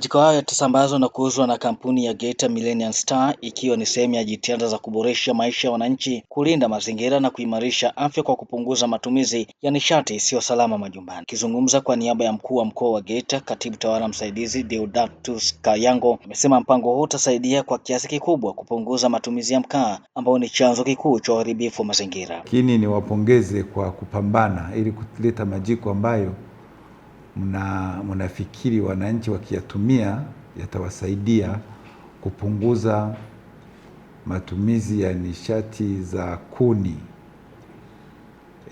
Mapachiko hayo yatasambazwa na kuuzwa na kampuni ya Geita Millennium Star ikiwa ni sehemu ya jitihada za kuboresha maisha ya wananchi, kulinda mazingira na kuimarisha afya kwa kupunguza matumizi ya nishati isiyo salama majumbani. Akizungumza kwa niaba ya mkuu wa mkoa wa Geita, katibu tawala msaidizi Deodatus Kayango amesema mpango huu utasaidia kwa kiasi kikubwa kupunguza matumizi ya mkaa ambao ni chanzo kikuu cha uharibifu wa mazingira. Lakini niwapongeze kwa kupambana ili kuleta majiko ambayo mna mnafikiri wananchi wakiyatumia yatawasaidia kupunguza matumizi ya nishati za kuni.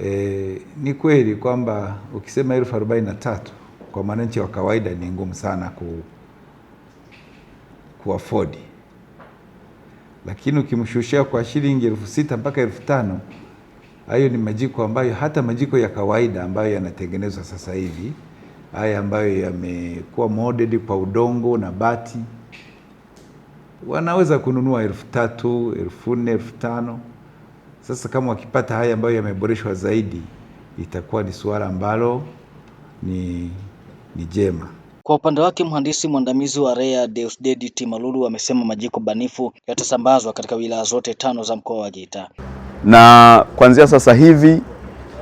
E, ni kweli kwamba ukisema elfu arobaini na tatu kwa mwananchi wa kawaida ni ngumu sana ku kuafodi, lakini ukimshushia kwa shilingi elfu sita mpaka elfu tano hayo ni majiko ambayo hata majiko ya kawaida ambayo yanatengenezwa sasa hivi haya ambayo yamekuwa molded kwa udongo na bati, wanaweza kununua elfu tatu, elfu nne, elfu tano. Sasa kama wakipata haya ambayo yameboreshwa zaidi, itakuwa ni suala ambalo ni, ni jema. Kwa upande wake mhandisi mwandamizi wa REA Deusdedith Timalulu amesema majiko banifu yatasambazwa katika wilaya zote tano za mkoa wa Geita, na kuanzia sasa hivi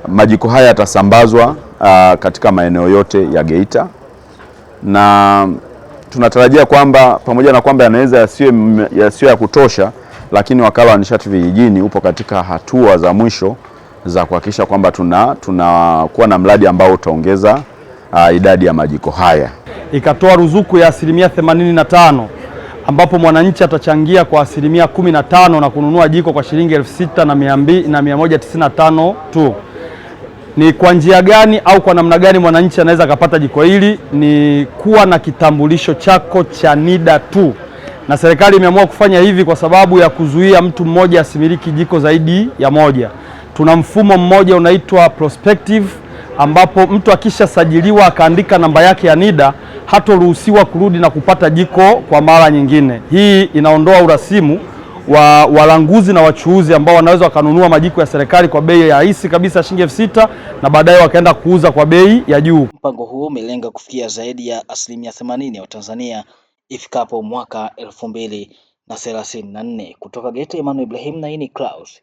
majiko haya yatasambazwa uh, katika maeneo yote ya Geita na tunatarajia kwamba pamoja na kwamba yanaweza yasiyo ya kutosha, lakini wakala wa nishati vijijini upo katika hatua za mwisho za kuhakikisha kwamba tuna tunakuwa na mradi ambao utaongeza uh, idadi ya majiko haya, ikatoa ruzuku ya asilimia tano ambapo mwananchi atachangia kwa asilimia 15 na kununua jiko kwa shilingi elfu sita na mia moja tisini na tano tu ni kwa njia gani au kwa namna gani mwananchi anaweza akapata jiko hili? Ni kuwa na kitambulisho chako cha NIDA tu, na serikali imeamua kufanya hivi kwa sababu ya kuzuia mtu mmoja asimiliki jiko zaidi ya moja. Tuna mfumo mmoja unaitwa prospective, ambapo mtu akishasajiliwa akaandika namba yake ya NIDA hatoruhusiwa kurudi na kupata jiko kwa mara nyingine. Hii inaondoa urasimu wa walanguzi na wachuuzi ambao wanaweza wakanunua majiko ya serikali kwa bei ya rahisi kabisa shilingi elfu sita na baadaye wakaenda kuuza kwa bei ya juu. Mpango huo umelenga kufikia zaidi ya asilimia themanini ya Watanzania ifikapo mwaka elfu mbili na thelathini na nne. Kutoka Geita, Emmanuel Ibrahim na ini Klaus.